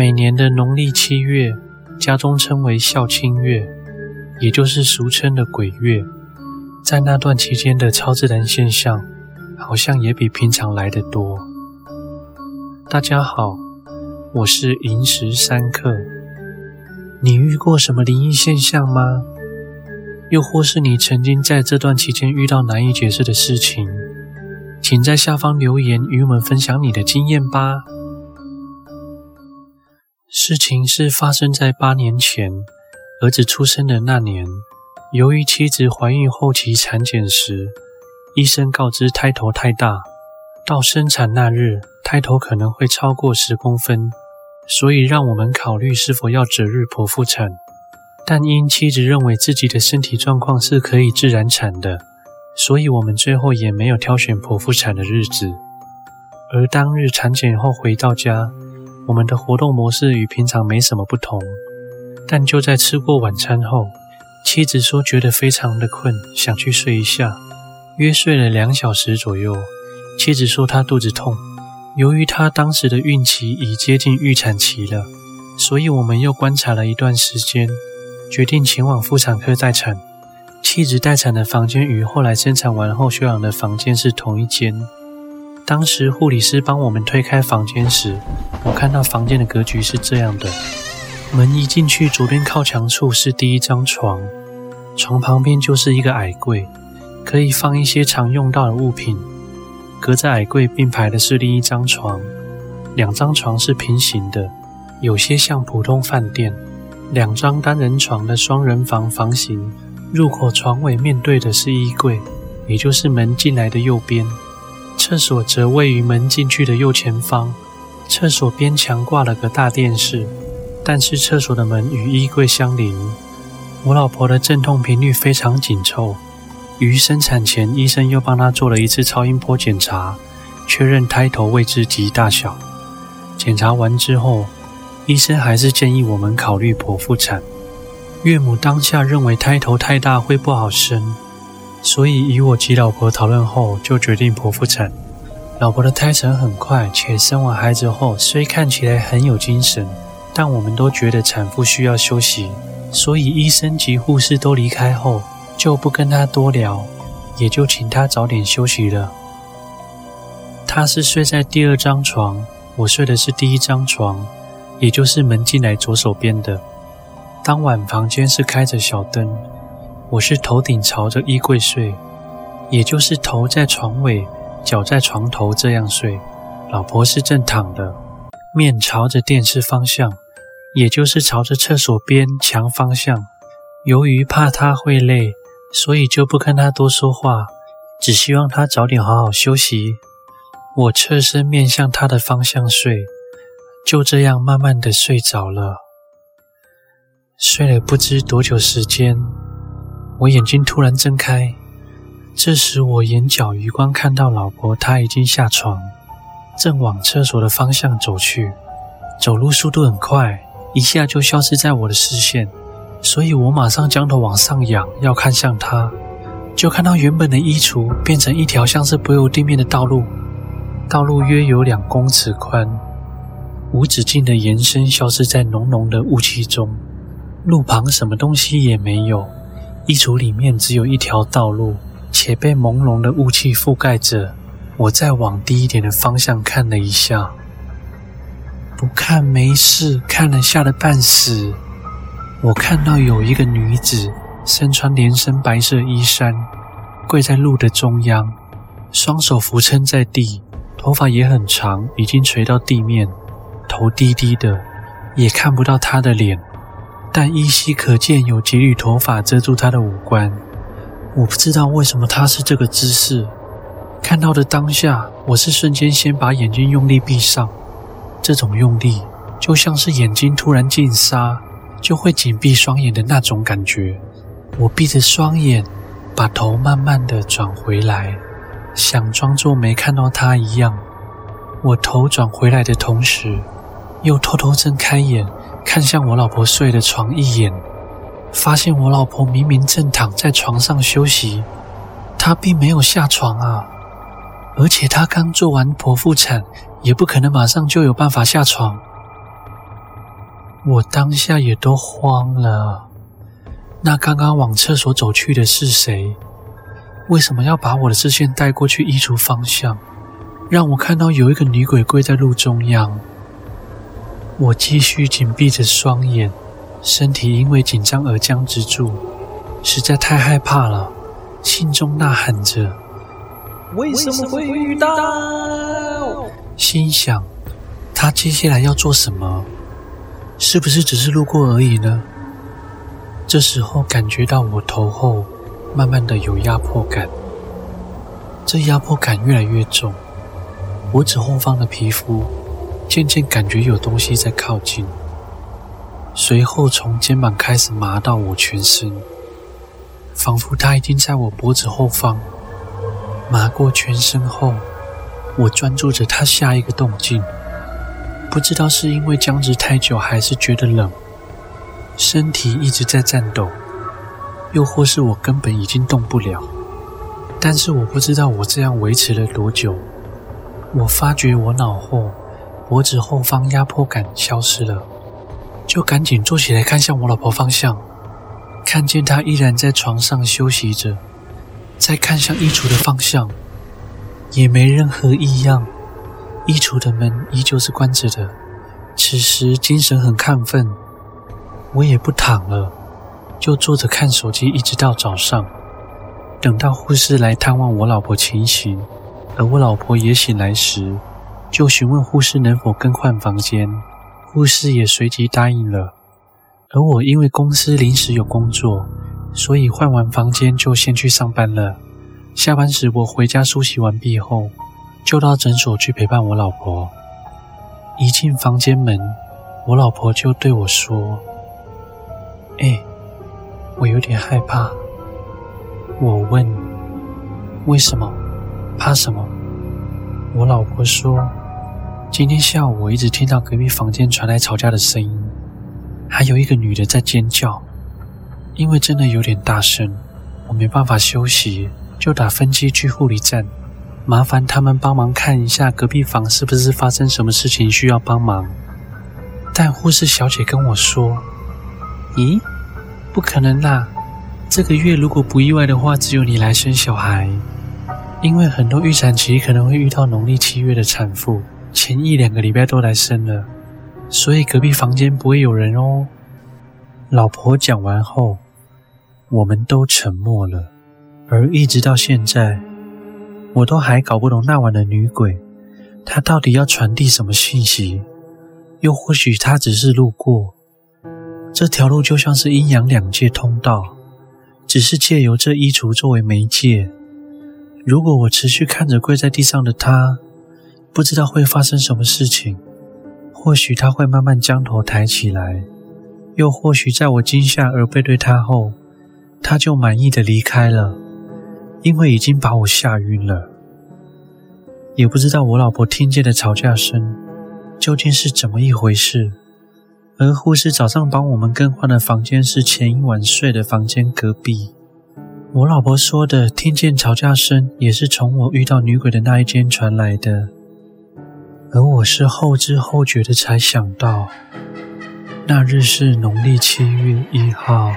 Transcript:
每年的農曆七月，家中稱為“孝親月”，也就是俗稱的鬼月。在那段期間的超自然現象，好像也比平常來得多。大家好，我是寅時三刻。你遇過什麼靈異現象嗎？又或是你曾經在這段期間遇到難以解釋的事情？請在下方留言與我們分享你的經驗吧。事情是發生在八年前，兒子出生的那年。由於妻子懷孕後期產檢時，醫生告知胎頭太大，到生產那日，胎頭可能會超過十公分，所以讓我們考慮是否要擇日剖腹產。但因妻子認為自己的身體狀況是可以自然產的，所以我們最後也沒有挑選剖腹產的日子。而當日產檢後回到家，我們的活動模式與平常沒什麼不同，但就在吃過晚餐後，妻子說覺得非常的困，想去睡一下。約睡了兩小時左右，妻子說她肚子痛，由於她當時的孕期已接近預產期了，所以我們又觀察了一段時間，決定前往婦產科待產。妻子待產的房間與後來生產完後休養的房間是同一間。當時護理師幫我們推開房間時，我看到房間的格局是這樣的：門一進去，左邊靠牆處是第一張床，床旁邊就是一個矮櫃，可以放一些常用到的物品。隔着矮櫃並排的是另一張床，兩張床是平行的，有些像普通飯店兩張單人床的雙人房房型。入口床尾面對的是衣櫃，也就是門進來的右邊。廁所則位於門進去的右前方，廁所邊牆掛了個大電視，但是廁所的門與衣櫃相鄰。我老婆的陣痛頻率非常緊湊，於生產前醫生又幫她做了一次超音波檢查，確認胎頭位置及大小。檢查完之後，醫生還是建議我們考慮剖腹產。岳母當下認為胎頭太大會不好生。所以，以我及老婆討論後，就決定剖腹產。老婆的胎程很快，且生完孩子後雖看起來很有精神，但我們都覺得產婦需要休息，所以醫生及護士都離開後，就不跟她多聊，也就請她早點休息了。她是睡在第二張床，我睡的是第一張床，也就是門進來左手邊的。當晚房間是開着小燈。我是頭頂朝着衣櫃睡，也就是頭在床尾，腳在床頭這樣睡。老婆是正躺的，面朝着電視方向，也就是朝着廁所邊牆方向。由於怕她會累，所以就不跟她多說話，只希望她早點好好休息。我側身面向她的方向睡，就這樣慢慢的睡着了。睡了不知多久時間。我眼睛突然睜開，這時我眼角餘光看到老婆，她已經下床，正往廁所的方向走去，走路速度很快，一下就消失在我的視線。所以我馬上將頭往上仰，要看向她，就看到原本的衣櫥變成一條像是不入地面的道路，道路約有兩公尺寬，無止境的延伸，消失在濃濃的霧氣中，路旁什麼東西也沒有。衣櫥裡面只有一條道路，且被朦朧的霧氣覆蓋着。我再往低一點的方向看了一下，不看沒事，看了嚇得半死。我看到有一個女子，身穿連身白色衣衫，跪在路的中央，雙手扶撐在地，頭髮也很長，已經垂到地面，頭低低的，也看不到她的臉。但依稀可見有幾縷頭髮遮住他的五官。我不知道為什麼他是這個姿勢。看到的當下，我是瞬間先把眼睛用力閉上。這種用力就像是眼睛突然進沙，就會緊閉雙眼的那種感覺。我閉着雙眼，把頭慢慢的轉回來，想裝作沒看到他一樣。我頭轉回來的同時，又偷偷睜開眼。看向我老婆睡的床一眼，發現我老婆明明正躺在床上休息，她並沒有下床啊！而且她剛做完剖腹產，也不可能馬上就有辦法下床。我當下也都慌了。那剛剛往廁所走去的是誰？為什麼要把我的視線帶過去衣櫥方向，讓我看到有一個女鬼跪在路中央？我繼續緊閉着雙眼，身體因為緊張而僵持住，實在太害怕了，心中吶喊着：“為什麼會遇到？”心想，他接下來要做什麼？是不是只是路過而已呢？這時候感覺到我頭後慢慢的有壓迫感，這壓迫感越來越重，脖子後方的皮膚。漸漸感覺有東西在靠近，隨後從肩膀開始麻到我全身，仿佛它已經在我脖子後方。麻過全身後，我專注着它下一個動靜。不知道是因為僵直太久，還是覺得冷，身體一直在顫抖，又或是我根本已經動不了。但是我不知道我這樣維持了多久，我發覺我腦後。脖子後方壓迫感消失了，就趕緊坐起來看向我老婆方向，看見她依然在床上休息着。再看向衣櫥的方向，也沒任何異樣，衣櫥的門依舊是關着的。此時精神很亢奮，我也不躺了，就坐着看手機一直到早上。等到護士來探望我老婆情形，而我老婆也醒來時。就詢問護士能否更換房間，護士也隨即答應了。而我因為公司臨時有工作，所以換完房間就先去上班了。下班時，我回家梳洗完畢後，就到診所去陪伴我老婆。一進房間門，我老婆就對我說：“哎、欸，我有點害怕。”我問：“為什麼？怕什麼？”我老婆說。今天下午，我一直聽到隔壁房間傳來吵架的聲音，還有一個女的在尖叫，因為真的有點大聲，我沒辦法休息，就打分機去護理站，麻煩他們幫忙看一下隔壁房是不是發生什麼事情需要幫忙。但護士小姐跟我說：“咦，不可能啦，這個月如果不意外的話，只有你來生小孩，因為很多預產期可能會遇到農曆七月的產婦。”前一兩個禮拜都來生了，所以隔壁房間不會有人哦。老婆講完後，我們都沉默了，而一直到現在，我都還搞不懂那晚的女鬼，她到底要傳遞什麼信息？又或許她只是路過。這條路就像是陰陽兩界通道，只是借由這衣櫥作為媒介。如果我持續看着跪在地上的她，不知道會發生什麼事情，或許他會慢慢將頭抬起來，又或許在我驚嚇而背對他後，他就滿意的離開了，因為已經把我嚇暈了。也不知道我老婆聽見的吵架聲究竟是怎麼一回事，而護士早上幫我們更換的房間是前一晚睡的房間隔壁。我老婆說的聽見吵架聲也是從我遇到女鬼的那一間傳來的。而我是後知後覺的才想到，那日是農曆七月一號。